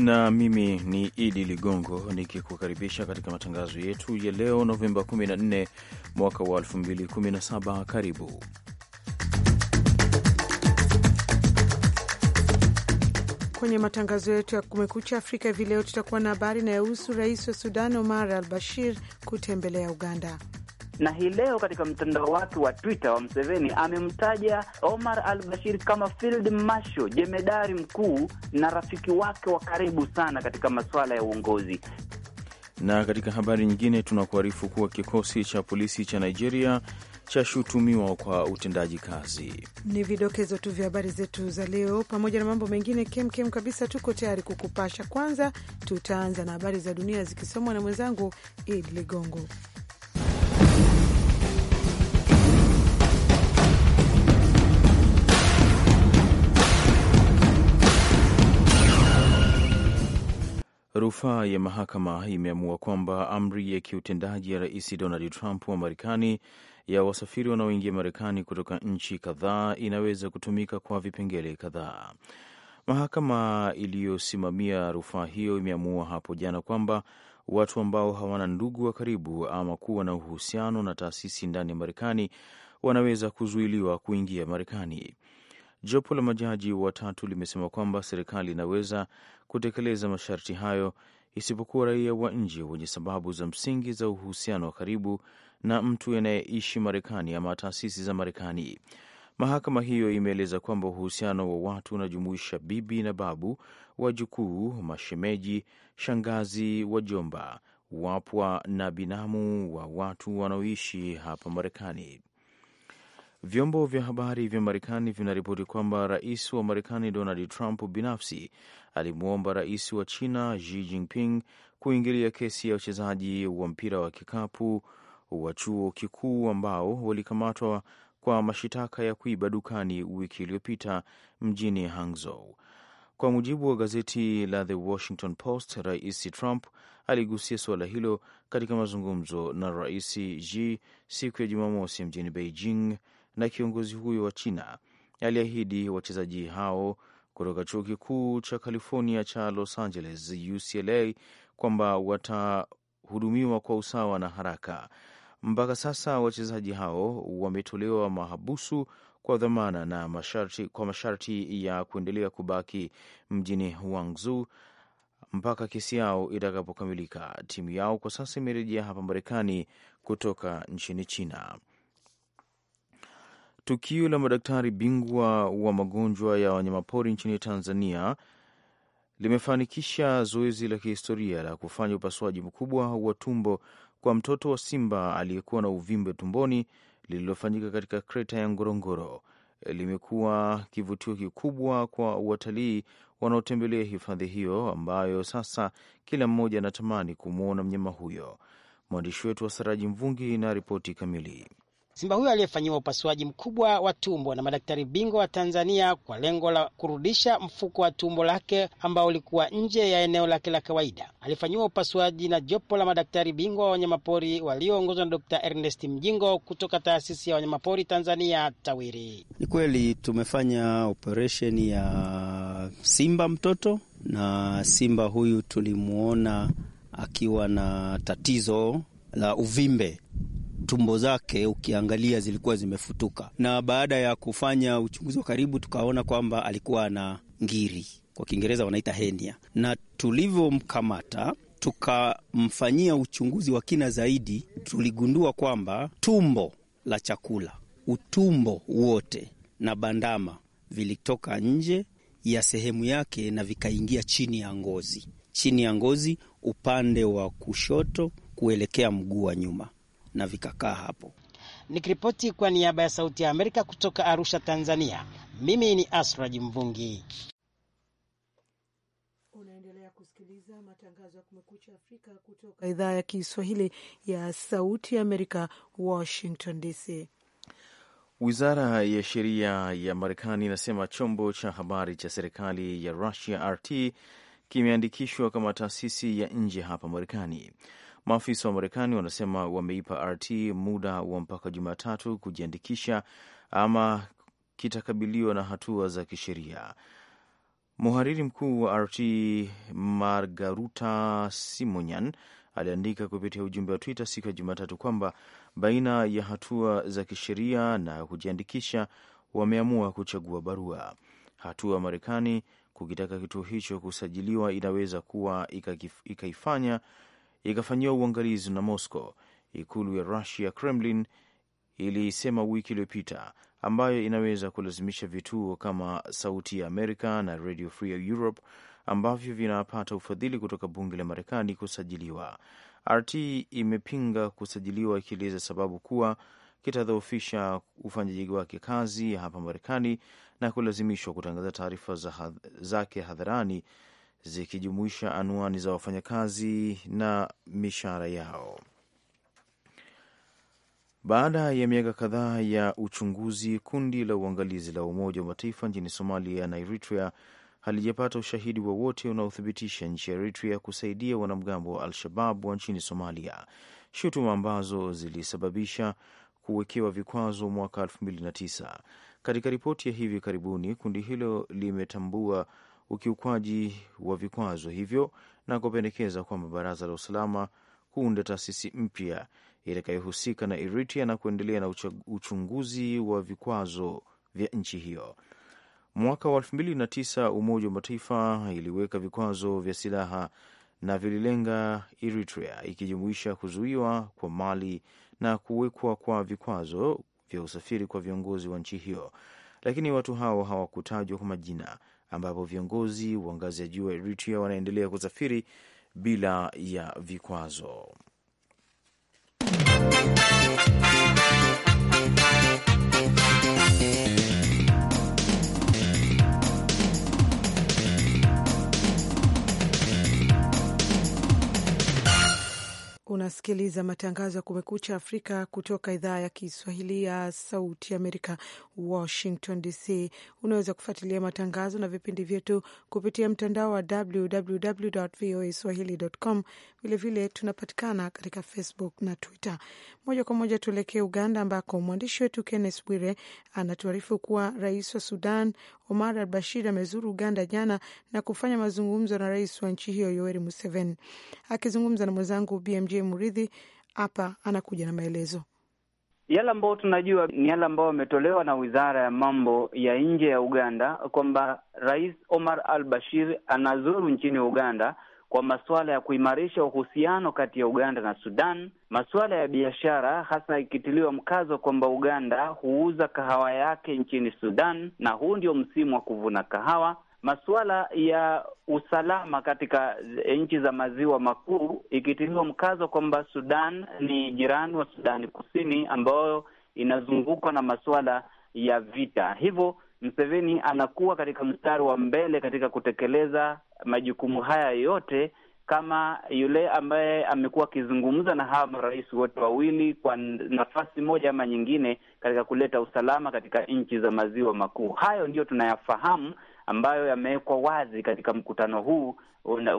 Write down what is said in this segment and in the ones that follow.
na mimi ni Idi Ligongo nikikukaribisha katika matangazo yetu ya leo Novemba 14 mwaka wa 2017. Karibu kwenye matangazo yetu ya Kumekucha Afrika. Hivi leo tutakuwa na habari inayohusu rais wa Sudan Omar al Bashir kutembelea Uganda na hii leo katika mtandao wake wa Twitter wa Mseveni amemtaja Omar al Bashir kama field marshal, jemedari mkuu na rafiki wake wa karibu sana katika masuala ya uongozi. Na katika habari nyingine, tunakuarifu kuwa kikosi cha polisi cha Nigeria chashutumiwa kwa utendaji kazi. Ni vidokezo tu vya habari zetu za leo, pamoja na mambo mengine kemkem kem kabisa, tuko tayari kukupasha. Kwanza tutaanza na habari za dunia zikisomwa na mwenzangu Id Ligongo. Rufaa ya mahakama imeamua kwamba amri ya kiutendaji ya Rais Donald Trump wa Marekani ya wasafiri wanaoingia Marekani kutoka nchi kadhaa inaweza kutumika kwa vipengele kadhaa. Mahakama iliyosimamia rufaa hiyo imeamua hapo jana kwamba watu ambao hawana ndugu wa karibu ama kuwa na uhusiano na taasisi ndani ya Marekani wanaweza kuzuiliwa kuingia Marekani. Jopo la majaji watatu limesema kwamba serikali inaweza kutekeleza masharti hayo isipokuwa raia wa nje wenye sababu za msingi za uhusiano wa karibu na mtu anayeishi Marekani ama taasisi za Marekani. Mahakama hiyo imeeleza kwamba uhusiano wa watu unajumuisha bibi na babu, wajukuu, mashemeji, shangazi, wajomba, wapwa na binamu wa watu wanaoishi hapa Marekani. Vyombo vya habari vya Marekani vinaripoti kwamba rais wa Marekani Donald Trump binafsi alimwomba rais wa China Xi Jinping kuingilia kesi ya wachezaji wa mpira wa kikapu wa chuo kikuu ambao walikamatwa kwa mashitaka ya kuiba dukani wiki iliyopita mjini Hangzhou. Kwa mujibu wa gazeti la The Washington Post, Rais Trump aligusia suala hilo katika mazungumzo na Rais Xi siku ya Jumamosi mjini Beijing na kiongozi huyo wa China aliahidi wachezaji hao kutoka chuo kikuu cha California cha Los Angeles, UCLA, kwamba watahudumiwa kwa usawa na haraka. Mpaka sasa wachezaji hao wametolewa mahabusu kwa dhamana na masharti, kwa masharti ya kuendelea kubaki mjini wangzu mpaka kesi yao itakapokamilika. Timu yao kwa sasa imerejea hapa Marekani kutoka nchini China. Tukio la madaktari bingwa wa magonjwa ya wanyamapori nchini Tanzania limefanikisha zoezi la kihistoria la kufanya upasuaji mkubwa wa tumbo kwa mtoto wa simba aliyekuwa na uvimbe tumboni lililofanyika katika kreta ya Ngorongoro. Limekuwa kivutio kikubwa kwa watalii wanaotembelea hifadhi hiyo, ambayo sasa kila mmoja anatamani kumwona mnyama huyo. Mwandishi wetu wa Saraji Mvungi na ripoti kamili. Simba huyo aliyefanyiwa upasuaji mkubwa wa tumbo na madaktari bingwa wa Tanzania kwa lengo la kurudisha mfuko wa tumbo lake ambao ulikuwa nje ya eneo lake la kawaida, alifanyiwa upasuaji na jopo la madaktari bingwa wa wanyamapori walioongozwa na Dr. Ernest Mjingo kutoka taasisi ya wanyamapori Tanzania TAWIRI. Ni kweli tumefanya operesheni ya simba mtoto, na simba huyu tulimwona akiwa na tatizo la uvimbe tumbo zake ukiangalia zilikuwa zimefutuka, na baada ya kufanya uchunguzi wa karibu tukaona kwamba alikuwa na ngiri, kwa Kiingereza wanaita henia, na tulivyomkamata tukamfanyia uchunguzi wa kina zaidi, tuligundua kwamba tumbo la chakula, utumbo wote na bandama vilitoka nje ya sehemu yake na vikaingia chini ya ngozi, chini ya ngozi upande wa kushoto kuelekea mguu wa nyuma na vikakaa hapo. Nikiripoti kwa niaba ya Sauti ya Amerika kutoka Arusha, Tanzania, mimi ni Asraji Mvungi. Unaendelea kusikiliza matangazo ya Kumekucha Afrika kutoka idhaa ya Kiswahili ya Sauti ya Amerika, Washington DC. Wizara ya Sheria ya Marekani inasema chombo cha habari cha serikali ya Russia RT kimeandikishwa kama taasisi ya nje hapa Marekani. Maafisa wa Marekani wanasema wameipa RT muda wa mpaka Jumatatu kujiandikisha ama kitakabiliwa na hatua za kisheria. Mhariri mkuu wa RT Margaruta Simonyan aliandika kupitia ujumbe wa Twitter siku ya Jumatatu kwamba baina ya hatua za kisheria na kujiandikisha, wameamua kuchagua barua. Hatua ya Marekani kukitaka kituo hicho kusajiliwa inaweza kuwa ikaifanya ikafanyiwa uangalizi na Moscow, ikulu ya Russia Kremlin ilisema wiki iliyopita, ambayo inaweza kulazimisha vituo kama Sauti ya Amerika na Radio Free Europe ambavyo vinapata ufadhili kutoka bunge la Marekani kusajiliwa. RT imepinga kusajiliwa ikieleza sababu kuwa kitadhoofisha ufanyaji wake kazi hapa Marekani na kulazimishwa kutangaza taarifa zake hadharani zikijumuisha anwani za wafanyakazi na mishahara yao. Baada ya miaka kadhaa ya uchunguzi, kundi la uangalizi la Umoja wa Mataifa nchini Somalia na Eritrea halijapata ushahidi wowote unaothibitisha nchi ya Eritrea kusaidia wanamgambo wa Al-Shabab wa nchini Somalia, shutuma ambazo zilisababisha kuwekewa vikwazo mwaka 2009. Katika ripoti ya hivi karibuni, kundi hilo limetambua ukiukwaji wa vikwazo hivyo na kupendekeza kwamba baraza la usalama kuunda taasisi mpya itakayohusika na Eritrea na kuendelea na uchunguzi wa vikwazo vya nchi hiyo. Mwaka wa tisa Umoja wa Mataifa iliweka vikwazo vya silaha na vililenga Eritrea, ikijumuisha kuzuiwa kwa mali na kuwekwa kwa vikwazo vya usafiri kwa viongozi wa nchi hiyo, lakini watu hao hawakutajwa kwa majina ambapo viongozi wa ngazi ya juu wa Eritrea wanaendelea kusafiri bila ya vikwazo. unasikiliza matangazo ya Kumekucha Afrika kutoka idhaa ya Kiswahili ya Sauti Amerika, Washington DC. Unaweza kufuatilia matangazo na vipindi vyetu kupitia mtandao wa www voa swahili.com. Vilevile tunapatikana katika Facebook na Twitter. Moja kwa moja tuelekee Uganda, ambako mwandishi wetu Kennes Bwire anatuarifu kuwa rais wa Sudan Omar al Bashir amezuru Uganda jana na kufanya mazungumzo na rais wa nchi hiyo Yoweri Museveni. Akizungumza na mwenzangu BMJ Muridhi hapa, anakuja na maelezo yale ambayo tunajua ni yale ambayo wametolewa na wizara ya mambo ya nje ya Uganda kwamba rais Omar al Bashir anazuru nchini Uganda kwa masuala ya kuimarisha uhusiano kati ya Uganda na Sudan, masuala ya biashara, hasa ikitiliwa mkazo kwamba Uganda huuza kahawa yake nchini Sudan na huu ndio msimu wa kuvuna kahawa, masuala ya usalama katika nchi za maziwa makuu, ikitiliwa mkazo kwamba Sudan ni jirani wa Sudani Kusini ambayo inazungukwa na masuala ya vita, hivyo Mseveni anakuwa katika mstari wa mbele katika kutekeleza majukumu haya yote kama yule ambaye amekuwa akizungumza na hawa marais wote wawili kwa nafasi moja ama nyingine katika kuleta usalama katika nchi za maziwa makuu. Hayo ndiyo tunayafahamu ambayo yamewekwa wazi katika mkutano huu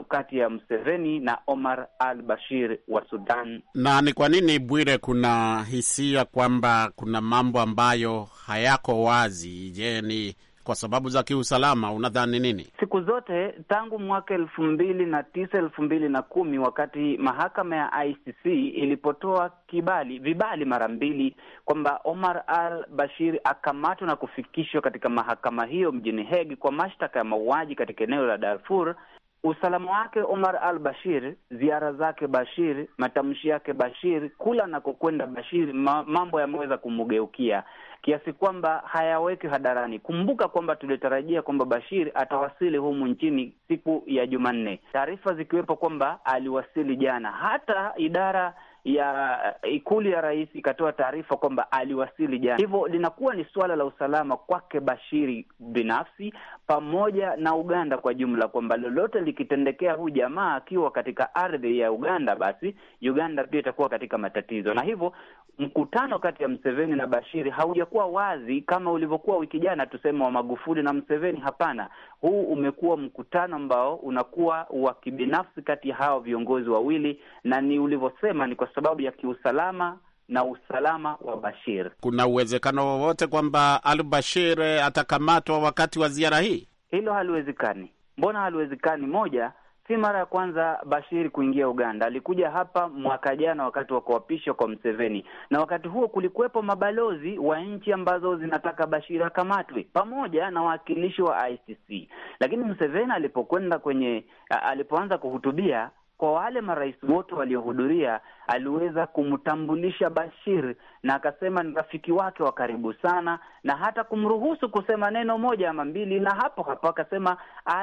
kati ya mseveni na Omar al Bashir wa Sudan. Na ni kwa nini Bwire, kuna hisia kwamba kuna mambo ambayo hayako wazi? Je, ni kwa sababu za kiusalama? Unadhani nini? Siku zote tangu mwaka elfu mbili na tisa elfu mbili na kumi wakati mahakama ya ICC ilipotoa kibali vibali mara mbili kwamba Omar al Bashir akamatwa na kufikishwa katika mahakama hiyo mjini Hague kwa mashtaka ya mauaji katika eneo la Darfur, usalama wake Omar al Bashir, ziara zake Bashir, matamshi yake Bashir, kula anakokwenda Bashir, ma, mambo yameweza kumgeukia kiasi kwamba hayaweki hadarani. Kumbuka kwamba tulitarajia kwamba Bashir atawasili humu nchini siku ya Jumanne, taarifa zikiwepo kwamba aliwasili jana. Hata idara ya eh, ikulu ya rais ikatoa taarifa kwamba aliwasili jana, hivyo linakuwa ni suala la usalama kwake Bashiri binafsi pamoja na Uganda kwa jumla, kwamba lolote likitendekea huyu jamaa akiwa katika ardhi ya Uganda, basi Uganda pia itakuwa katika matatizo, na hivyo mkutano kati ya Mseveni na Bashiri haujakuwa wazi kama ulivyokuwa wiki jana, tuseme wa Magufuli na Mseveni. Hapana, huu umekuwa mkutano ambao unakuwa wa kibinafsi kati ya hawa viongozi wawili, na ni ulivyosema ni kwa sababu ya kiusalama na usalama wa Bashir. Kuna uwezekano wowote kwamba Al Bashir atakamatwa wakati wa ziara hii? Hilo haliwezekani. Mbona haliwezekani? Moja, si mara ya kwanza Bashir kuingia Uganda. Alikuja hapa mwaka jana wakati wa kuapishwa kwa Mseveni, na wakati huo kulikuwepo mabalozi wa nchi ambazo zinataka Bashir akamatwe pamoja na wawakilishi wa ICC, lakini Mseveni alipokwenda kwenye, alipoanza kuhutubia kwa wale marais wote waliohudhuria, aliweza kumtambulisha Bashir na akasema ni rafiki wake wa karibu sana, na hata kumruhusu kusema neno moja ama mbili. Na hapo hapo akasema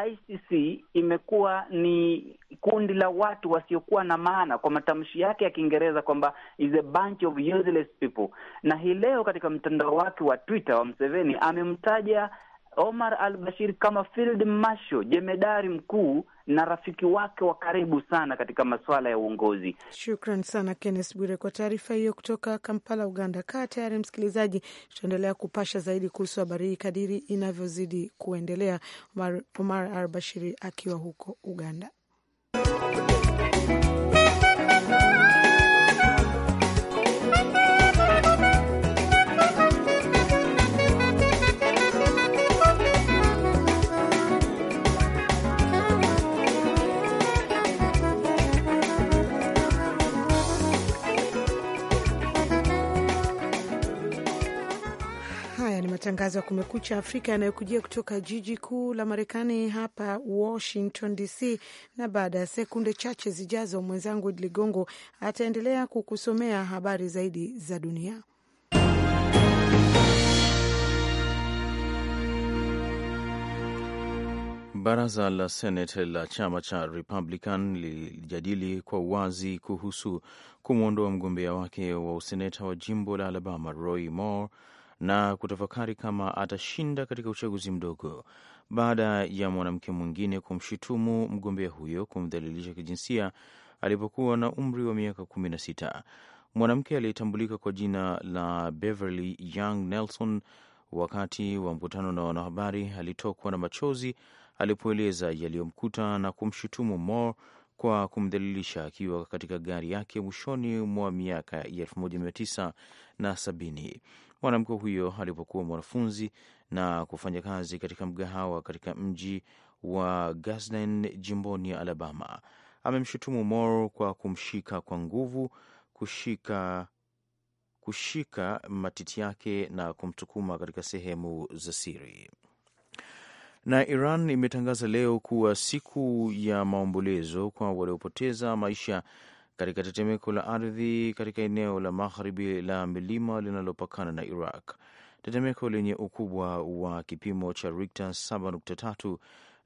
ICC imekuwa ni kundi la watu wasiokuwa na maana, kwa matamshi yake ya Kiingereza kwamba is a bunch of useless people. Na hii leo katika mtandao wake wa Twitter wa Mseveni amemtaja Omar al Bashir kama field marshal, jemedari mkuu na rafiki wake wa karibu sana katika masuala ya uongozi. Shukran sana kennes Bwire kwa taarifa hiyo kutoka Kampala, Uganda. Kaa tayari msikilizaji, tutaendelea kupasha zaidi kuhusu habari hii kadiri inavyozidi kuendelea. Omar al Bashiri akiwa huko Uganda. Haya ni matangazo ya Kumekucha Afrika yanayokujia kutoka jiji kuu la Marekani, hapa Washington DC. Na baada ya sekunde chache zijazo, mwenzangu Ligongo ataendelea kukusomea habari zaidi za dunia. Baraza la Senate la chama cha Republican lilijadili kwa uwazi kuhusu kumwondoa mgombea wake wa useneta wa jimbo la Alabama Roy Moore na kutafakari kama atashinda katika uchaguzi mdogo baada ya mwanamke mwingine kumshutumu mgombea huyo kumdhalilisha kijinsia alipokuwa na umri wa miaka 16. Mwanamke aliyetambulika kwa jina la Beverly Young Nelson wakati wa mkutano na wanahabari alitokwa na machozi alipoeleza yaliyomkuta na kumshutumu Moore kwa kumdhalilisha akiwa katika gari yake mwishoni mwa miaka ya 1970. Mwanamke huyo alipokuwa mwanafunzi na kufanya kazi katika mgahawa katika mji wa Gadsden jimboni ya Alabama. Amemshutumu Moore kwa kumshika kwa nguvu, kushika kushika matiti yake na kumtukuma katika sehemu za siri. Na Iran imetangaza leo kuwa siku ya maombolezo kwa waliopoteza maisha katika tetemeko la ardhi katika eneo la magharibi la milima linalopakana na Iraq. Tetemeko lenye ukubwa wa kipimo cha Rikta 7.3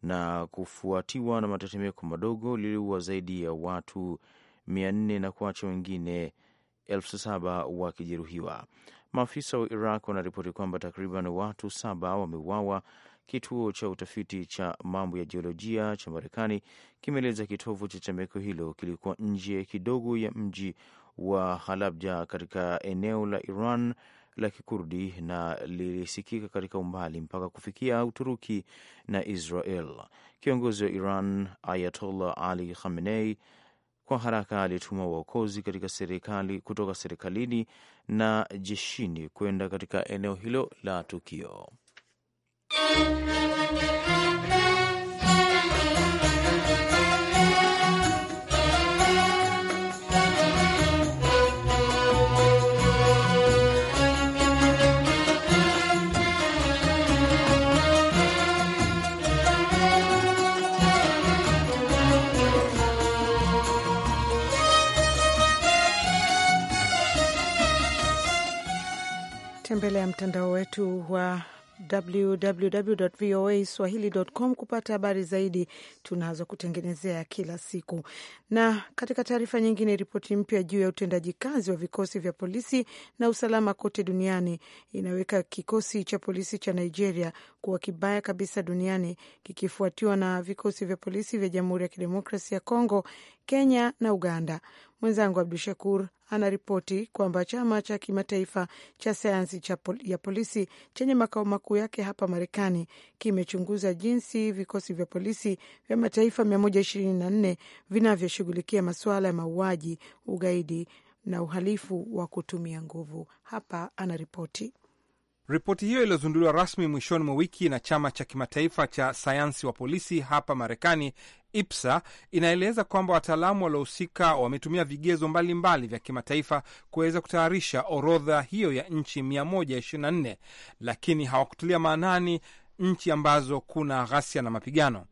na kufuatiwa na matetemeko madogo liliua zaidi ya watu 400 na kuacha wengine 7 wakijeruhiwa. Maafisa wa Iraq wanaripoti kwamba takriban watu saba wameuawa Kituo cha utafiti cha mambo ya jiolojia cha Marekani kimeeleza kitovu cha chemeko hilo kilikuwa nje kidogo ya mji wa Halabja katika eneo la Iran la Kikurdi na lilisikika katika umbali mpaka kufikia Uturuki na Israel. Kiongozi wa Iran Ayatollah Ali Khamenei kwa haraka alituma waokozi katika serikali kutoka serikalini na jeshini kwenda katika eneo hilo la tukio. Tembelea mtandao wetu wa www.voaswahili.com kupata habari zaidi tunazokutengenezea kutengenezea kila siku. Na katika taarifa nyingine, ripoti mpya juu ya utendaji kazi wa vikosi vya polisi na usalama kote duniani inaweka kikosi cha polisi cha Nigeria kuwa kibaya kabisa duniani kikifuatiwa na vikosi vya polisi vya Jamhuri ya Kidemokrasia ya Kongo, Kenya na Uganda. Mwenzangu Abdu Shakur anaripoti kwamba chama cha kimataifa cha sayansi ya polisi chenye makao makuu yake hapa Marekani kimechunguza jinsi vikosi vya polisi vya mataifa 124 vinavyoshughulikia masuala ya mauaji, ugaidi na uhalifu wa kutumia nguvu. Hapa anaripoti. Ripoti hiyo iliyozinduliwa rasmi mwishoni mwa wiki na chama cha kimataifa cha sayansi wa polisi hapa Marekani IPSA inaeleza kwamba wataalamu waliohusika wametumia vigezo mbalimbali mbali vya kimataifa kuweza kutayarisha orodha hiyo ya nchi 124 lakini hawakutulia maanani nchi ambazo kuna ghasia na mapigano.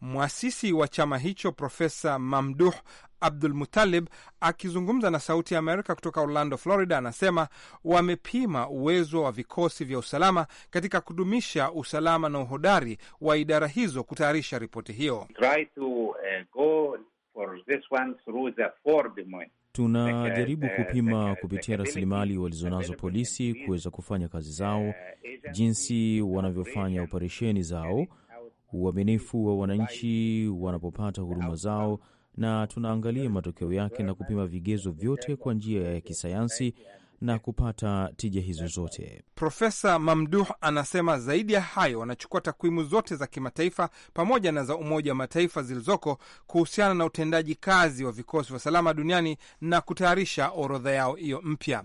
Mwasisi wa chama hicho Profesa Mamduh Abdul Mutalib akizungumza na Sauti ya Amerika kutoka Orlando, Florida, anasema wamepima uwezo wa vikosi vya usalama katika kudumisha usalama na uhodari wa idara hizo kutayarisha ripoti hiyo. Uh, Tunajaribu uh, kupima kupitia rasilimali walizonazo polisi kuweza kufanya kazi zao, jinsi uh, wanavyofanya operesheni zao, uaminifu wa wananchi wanapopata huduma zao na tunaangalia matokeo yake na kupima vigezo vyote kwa njia ya kisayansi na kupata tija hizo zote. Profesa Mamduh anasema zaidi ya hayo, wanachukua takwimu zote za kimataifa pamoja na za Umoja wa Mataifa zilizoko kuhusiana na utendaji kazi wa vikosi vya usalama duniani na kutayarisha orodha yao hiyo mpya.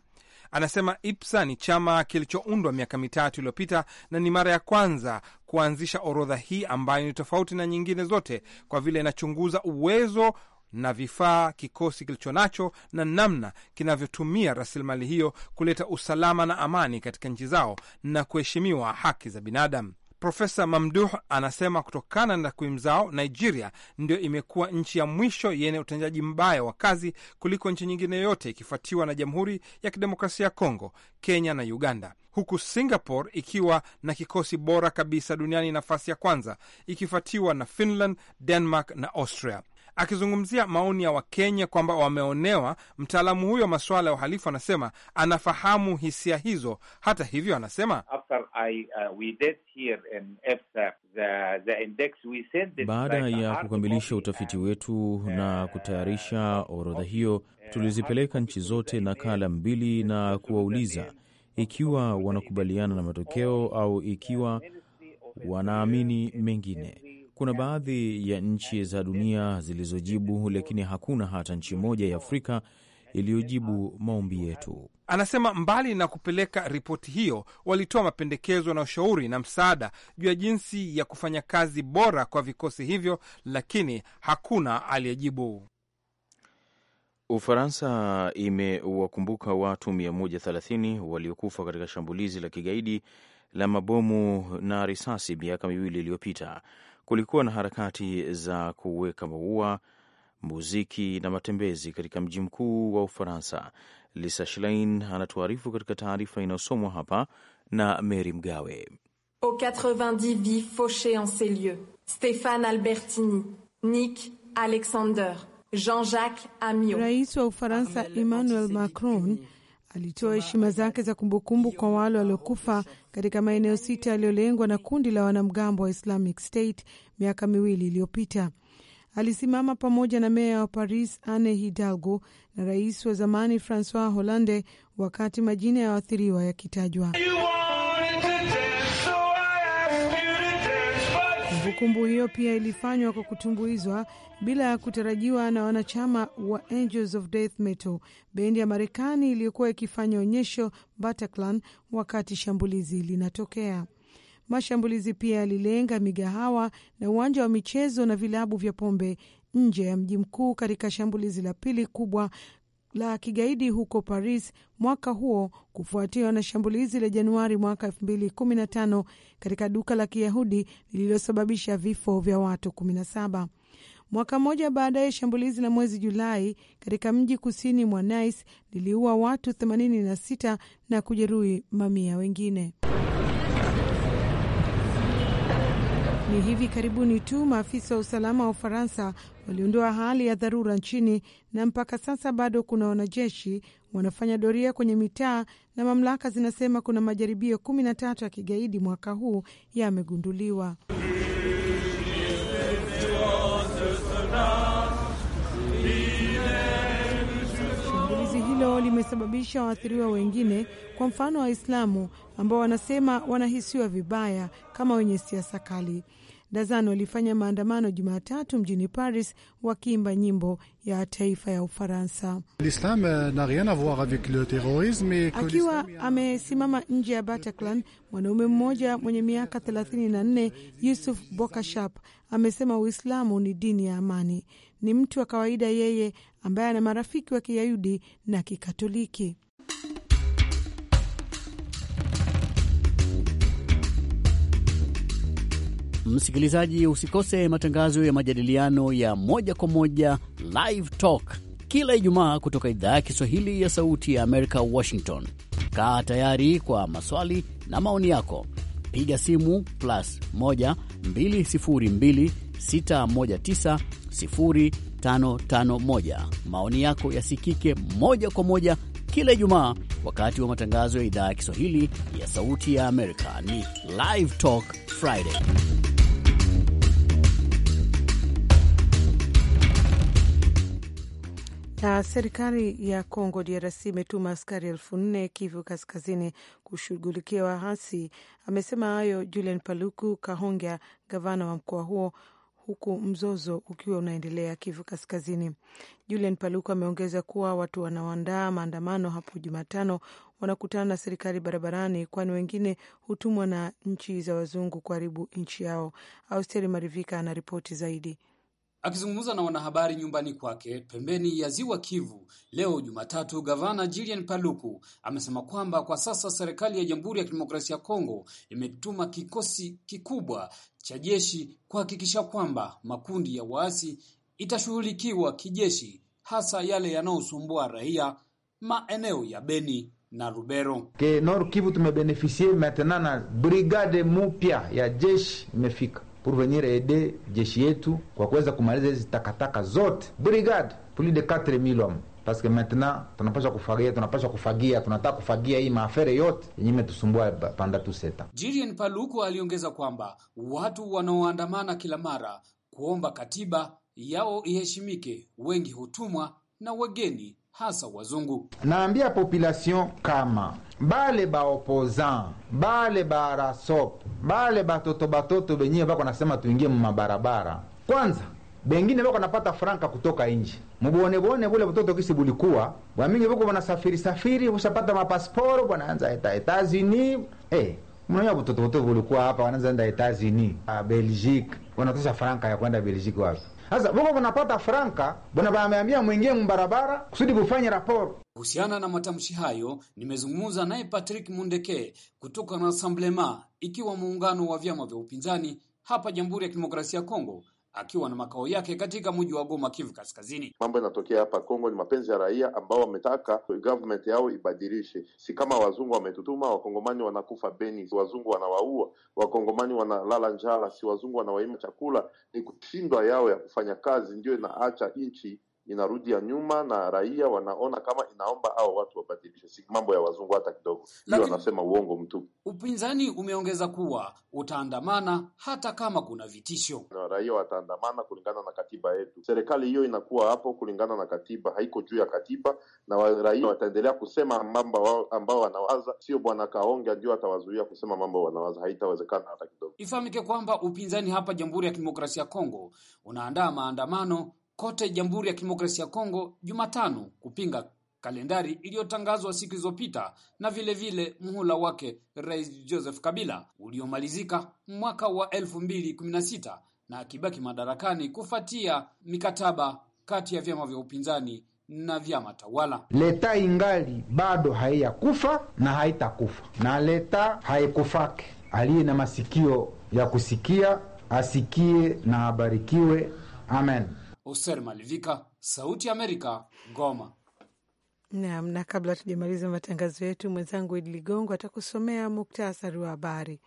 Anasema IPSA ni chama kilichoundwa miaka mitatu iliyopita na ni mara ya kwanza kuanzisha orodha hii ambayo ni tofauti na nyingine zote kwa vile inachunguza uwezo na vifaa kikosi kilicho nacho na namna kinavyotumia rasilimali hiyo kuleta usalama na amani katika nchi zao na kuheshimiwa haki za binadamu. Profesa Mamduh anasema kutokana na takwimu zao, Nigeria ndio imekuwa nchi ya mwisho yenye utendaji mbaya wa kazi kuliko nchi nyingine yote, ikifuatiwa na Jamhuri ya Kidemokrasia ya Kongo, Kenya na Uganda, huku Singapore ikiwa na kikosi bora kabisa duniani, nafasi ya kwanza, ikifuatiwa na Finland, Denmark na Austria. Akizungumzia maoni ya Wakenya kwamba wameonewa, mtaalamu huyo wa masuala ya uhalifu anasema anafahamu hisia hizo. Hata hivyo, anasema uh, baada ya kukamilisha utafiti wetu na uh, kutayarisha orodha hiyo, tulizipeleka nchi zote nakala mbili na kuwauliza ikiwa wanakubaliana na matokeo au ikiwa wanaamini mengine kuna baadhi ya nchi za dunia zilizojibu, lakini hakuna hata nchi moja ya Afrika iliyojibu maombi yetu. Anasema mbali na kupeleka ripoti hiyo, walitoa mapendekezo na ushauri na msaada juu ya jinsi ya kufanya kazi bora kwa vikosi hivyo, lakini hakuna aliyejibu. Ufaransa imewakumbuka watu 130 waliokufa katika shambulizi la kigaidi la mabomu na risasi miaka miwili iliyopita kulikuwa na harakati za kuweka maua, muziki na matembezi katika mji mkuu wa Ufaransa. Lisa Schlein anatuarifu katika taarifa inayosomwa hapa na Mary Mgawe. Aux 90 vies fauchées en ces lieux Stéphane Albertini, Nick Alexander, Jean-Jacques Amiot. Rais wa Ufaransa Emmanuel Macron alitoa heshima zake za kumbukumbu kwa wale waliokufa katika maeneo sita yaliyolengwa na kundi la wanamgambo wa Islamic State miaka miwili iliyopita. Alisimama pamoja na meya wa Paris Anne Hidalgo na rais wa zamani Francois Hollande wakati majina ya waathiriwa yakitajwa. Kumbukumbu hiyo pia ilifanywa kwa kutumbuizwa bila ya kutarajiwa na wanachama wa Angels of Death Metal, bendi ya Marekani iliyokuwa ikifanya onyesho Bataclan wakati shambulizi linatokea. Mashambulizi pia yalilenga migahawa na uwanja wa michezo na vilabu vya pombe nje ya mji mkuu katika shambulizi la pili kubwa la kigaidi huko Paris mwaka huo kufuatiwa na shambulizi la Januari mwaka 2015 katika duka la Kiyahudi lililosababisha vifo vya watu 17. Mwaka mmoja baadaye, shambulizi la mwezi Julai katika mji kusini mwa Nice liliua watu 86 na kujeruhi mamia wengine. Ni hivi karibuni tu maafisa wa usalama wa Ufaransa waliondoa hali ya dharura nchini, na mpaka sasa bado kuna wanajeshi wanafanya doria kwenye mitaa, na mamlaka zinasema kuna majaribio kumi na tatu ya kigaidi mwaka huu yamegunduliwa. ambao limesababisha waathiriwa wengine, kwa mfano Waislamu ambao wanasema wanahisiwa vibaya kama wenye siasa kali. Dazan walifanya maandamano Jumatatu mjini Paris wakiimba nyimbo ya taifa ya Ufaransa. Euh, Akiwa amesimama nje ya Bataclan, mwanaume mmoja mwenye miaka 34 Yusuf Bokashap amesema Uislamu ni dini ya amani ni mtu wa kawaida yeye, ambaye ana marafiki wa Kiyahudi na Kikatoliki. Msikilizaji, usikose matangazo ya majadiliano ya moja kwa moja Live Talk kila Ijumaa kutoka idhaa ya Kiswahili ya Sauti ya Amerika, Washington. Kaa tayari kwa maswali na maoni yako, piga simu plus 1 202 619 Maoni yako yasikike moja kwa moja kila Ijumaa wakati wa matangazo ya idhaa ya Kiswahili ya Sauti ya Amerika. Ni Live Talk Friday. Na serikali ya Congo DRC imetuma askari elfu nne Kivu Kaskazini kushughulikia waasi. Amesema hayo Julian Paluku Kahongya, gavana wa mkoa huo, huku mzozo ukiwa unaendelea Kivu Kaskazini. Julian Paluku ameongeza kuwa watu wanaoandaa maandamano hapo Jumatano wanakutana na serikali barabarani, kwani wengine hutumwa na nchi za wazungu kuharibu nchi yao. Austeri Marivika anaripoti zaidi. Akizungumza na wanahabari nyumbani kwake pembeni ya Ziwa Kivu leo Jumatatu, Gavana Julien Paluku amesema kwamba kwa sasa serikali ya Jamhuri ya Kidemokrasia ya Kongo imetuma kikosi kikubwa cha jeshi kuhakikisha kwamba makundi ya waasi itashughulikiwa kijeshi, hasa yale yanayosumbua raia maeneo ya Beni na Rubero ke Nord Kivu. Tumebenefisie maintenant na brigade mupya ya jeshi imefika pour venir aider jeshi yetu kwa kuweza kumaliza hizi takataka zote. Brigade plus de 4000 hommes parce que maintenant tunapaswa kufagia, tunapaswa kufagia, tunataka kufagia hii maafere yote yenye imetusumbua panda tu seta. Julien Paluku aliongeza kwamba watu wanaoandamana kila mara kuomba katiba yao iheshimike, wengi hutumwa na wageni hasa wazungu. Naambia population kama bale ba opozan bale ba rasop bale batoto batoto benyewe bako nasema tuingie mumabarabara kwanza bengine bako napata franka kutoka nje mubonebone bule butoto kisi bulikuwa bwamingi boko banasafiri safiri bushapata mapasporo bwanaanza eta Etazini hey, eh, mnanya butoto butoto bulikuwa hapa wanaanza enda Etazini ah, Belgique wanatosha franka ya kwenda Belgique wapi sasa vuko vunapata franka buna vameambia mwingie mbarabara kusudi vufanye raporo. Kuhusiana na matamshi hayo, nimezungumza naye Patrick Mundeke kutoka na Assemblema, ikiwa muungano wa vyama vya upinzani hapa Jamhuri ya Kidemokrasia ya Kongo akiwa na makao yake katika mji wa Goma, Kivu Kaskazini. Mambo yanatokea hapa Kongo ni mapenzi ya raia ambao wametaka government yao ibadilishe, si kama wazungu wametutuma. Wakongomani wanakufa Beni, si wazungu wanawaua. Wakongomani wanalala njala, si wazungu wanawaima chakula. Ni kushindwa yao ya kufanya kazi ndio inaacha nchi inarudi ya nyuma na raia wanaona kama inaomba hao watu wabadilishe, si mambo ya wazungu hata kidogo. Hiyo wanasema uongo mtu Upinzani umeongeza kuwa utaandamana hata kama kuna vitisho, na raia wataandamana kulingana na katiba yetu. Serikali hiyo inakuwa hapo kulingana na katiba, haiko juu ya katiba, na raia wataendelea kusema mambo ambao wanawaza. Sio bwana Kaonge ndio atawazuia kusema mambo wanawaza, haitawezekana hata kidogo. Ifahamike kwamba upinzani hapa Jamhuri ya Kidemokrasia ya Kongo unaandaa maandamano kote Jamhuri ya Kidemokrasia ya Kongo Jumatano kupinga kalendari iliyotangazwa siku zilizopita na vilevile vile muhula wake Rais Joseph Kabila uliomalizika mwaka wa 2016 na akibaki madarakani kufuatia mikataba kati ya vyama vya upinzani na vyama tawala. Leta ingali bado haiyakufa na haitakufa, na leta haikufake. Aliye na masikio ya kusikia asikie na abarikiwe. Amen. Hoser Malivika, Sauti ya Amerika, Goma. Naam, na kabla tujamaliza matangazo yetu, mwenzangu Idi Ligongo atakusomea muktasari wa habari.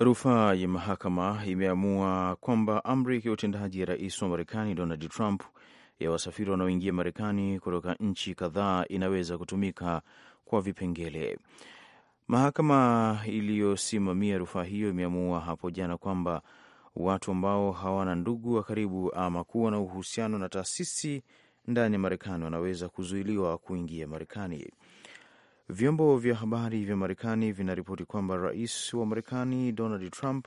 Rufaa ya mahakama imeamua kwamba amri ya utendaji ya rais wa Marekani Donald Trump ya wasafiri wanaoingia Marekani kutoka nchi kadhaa inaweza kutumika kwa vipengele Mahakama iliyosimamia rufaa hiyo imeamua hapo jana kwamba watu ambao hawana ndugu wa karibu ama kuwa na uhusiano na taasisi ndani ya Marekani wanaweza kuzuiliwa kuingia Marekani. Vyombo vya habari vya Marekani vinaripoti kwamba rais wa Marekani Donald Trump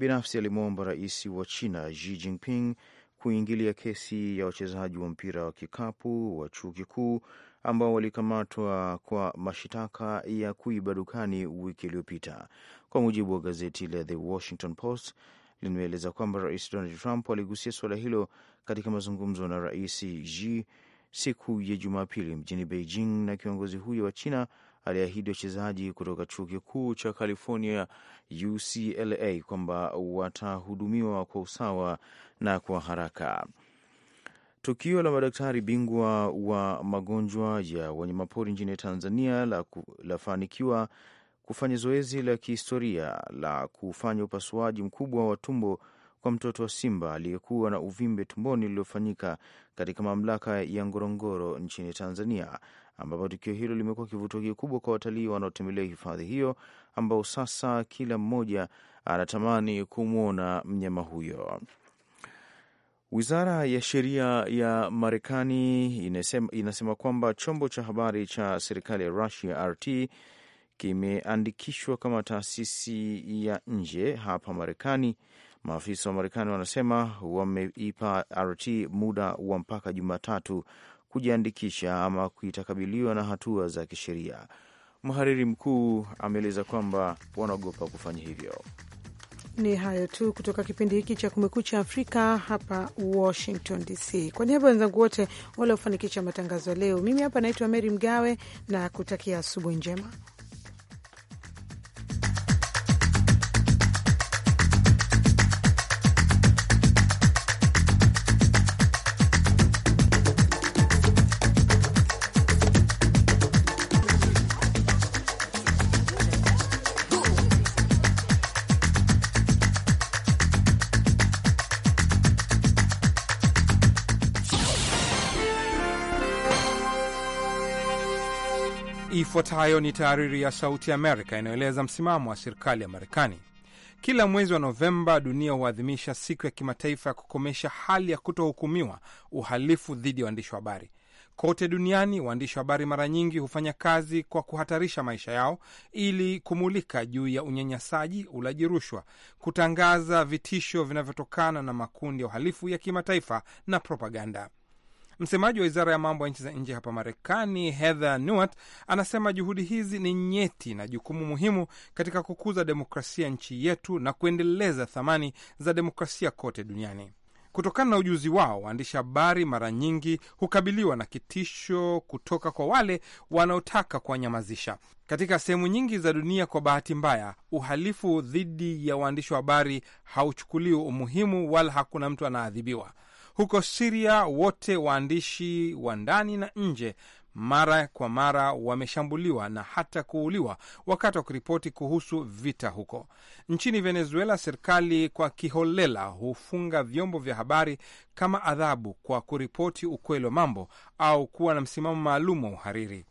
binafsi alimwomba rais wa China Xi Jinping kuingilia kesi ya wachezaji wa mpira wa kikapu wa chuo kikuu ambao walikamatwa kwa mashitaka ya kuiba dukani wiki iliyopita. Kwa mujibu wa gazeti la The Washington Post, limeeleza kwamba Rais Donald Trump aligusia suala hilo katika mazungumzo na Rais Xi siku ya Jumapili mjini Beijing na kiongozi huyo wa China aliahidi wachezaji kutoka chuo kikuu cha California UCLA kwamba watahudumiwa kwa usawa na kwa haraka. Tukio la madaktari bingwa wa magonjwa ya wanyamapori nchini Tanzania la lafanikiwa kufanya zoezi la kihistoria la kufanya upasuaji mkubwa wa tumbo kwa mtoto wa simba aliyekuwa na uvimbe tumboni lililofanyika katika mamlaka ya Ngorongoro nchini Tanzania ambapo tukio hilo limekuwa kivutio kikubwa kwa watalii wanaotembelea hifadhi hiyo, ambao sasa kila mmoja anatamani kumwona mnyama huyo. Wizara ya sheria ya Marekani inasema, inasema kwamba chombo cha habari cha serikali ya Russia RT kimeandikishwa kama taasisi ya nje hapa Marekani. Maafisa wa Marekani wanasema wameipa RT muda wa mpaka Jumatatu kujiandikisha ama kuitakabiliwa na hatua za kisheria. Mhariri mkuu ameeleza kwamba wanaogopa kufanya hivyo. Ni hayo tu kutoka kipindi hiki cha Kumekucha Afrika hapa Washington DC. Kwa niaba ya wenzangu wote waliofanikisha matangazo ya leo, mimi hapa naitwa Meri Mgawe na kutakia asubuhi njema. Ifuatayo ni taariri ya Sauti ya Amerika inayoeleza msimamo wa serikali ya Marekani. Kila mwezi wa Novemba dunia huadhimisha siku ya kimataifa ya kukomesha hali ya kutohukumiwa uhalifu dhidi ya waandishi wa habari. Kote duniani waandishi wa habari mara nyingi hufanya kazi kwa kuhatarisha maisha yao ili kumulika juu ya unyanyasaji, ulaji rushwa, kutangaza vitisho vinavyotokana na makundi ya uhalifu ya kimataifa na propaganda. Msemaji wa wizara ya mambo ya nchi za nje hapa Marekani, Heather Nauert, anasema juhudi hizi ni nyeti na jukumu muhimu katika kukuza demokrasia nchi yetu na kuendeleza thamani za demokrasia kote duniani. Kutokana na ujuzi wao, waandishi habari mara nyingi hukabiliwa na kitisho kutoka kwa wale wanaotaka kuwanyamazisha. Katika sehemu nyingi za dunia, kwa bahati mbaya, uhalifu dhidi ya waandishi wa habari hauchukuliwi umuhimu wala hakuna mtu anaadhibiwa. Huko Siria, wote waandishi wa ndani na nje mara kwa mara wameshambuliwa na hata kuuliwa wakati wa kuripoti kuhusu vita huko. Nchini Venezuela, serikali kwa kiholela hufunga vyombo vya habari kama adhabu kwa kuripoti ukweli wa mambo au kuwa na msimamo maalum wa uhariri.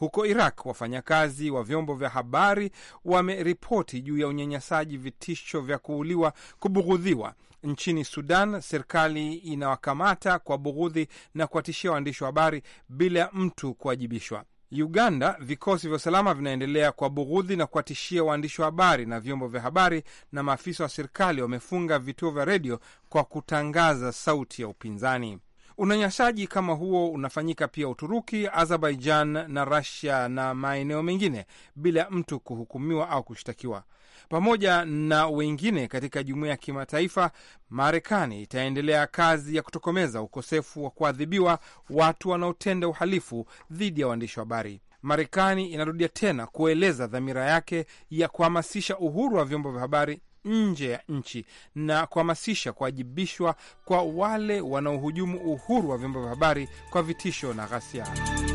Huko Iraq, wafanyakazi wa vyombo vya habari wameripoti juu ya unyanyasaji, vitisho vya kuuliwa, kubughudhiwa. Nchini Sudan, serikali inawakamata kwa bughudhi na kuwatishia waandishi wa habari bila ya mtu kuwajibishwa. Uganda, vikosi vya usalama vinaendelea kwa bughudhi na kuwatishia waandishi wa habari na vyombo vya habari, na maafisa wa serikali wamefunga vituo vya redio kwa kutangaza sauti ya upinzani. Unyanyasaji kama huo unafanyika pia Uturuki, Azerbaijan na Rasia na maeneo mengine bila mtu kuhukumiwa au kushtakiwa. Pamoja na wengine katika jumuiya ya kimataifa, Marekani itaendelea kazi ya kutokomeza ukosefu wa kuadhibiwa watu wanaotenda uhalifu dhidi ya waandishi wa habari. Marekani inarudia tena kueleza dhamira yake ya kuhamasisha uhuru wa vyombo vya habari nje ya nchi na kuhamasisha kuwajibishwa kwa wale wanaohujumu uhuru wa vyombo vya habari kwa vitisho na ghasia.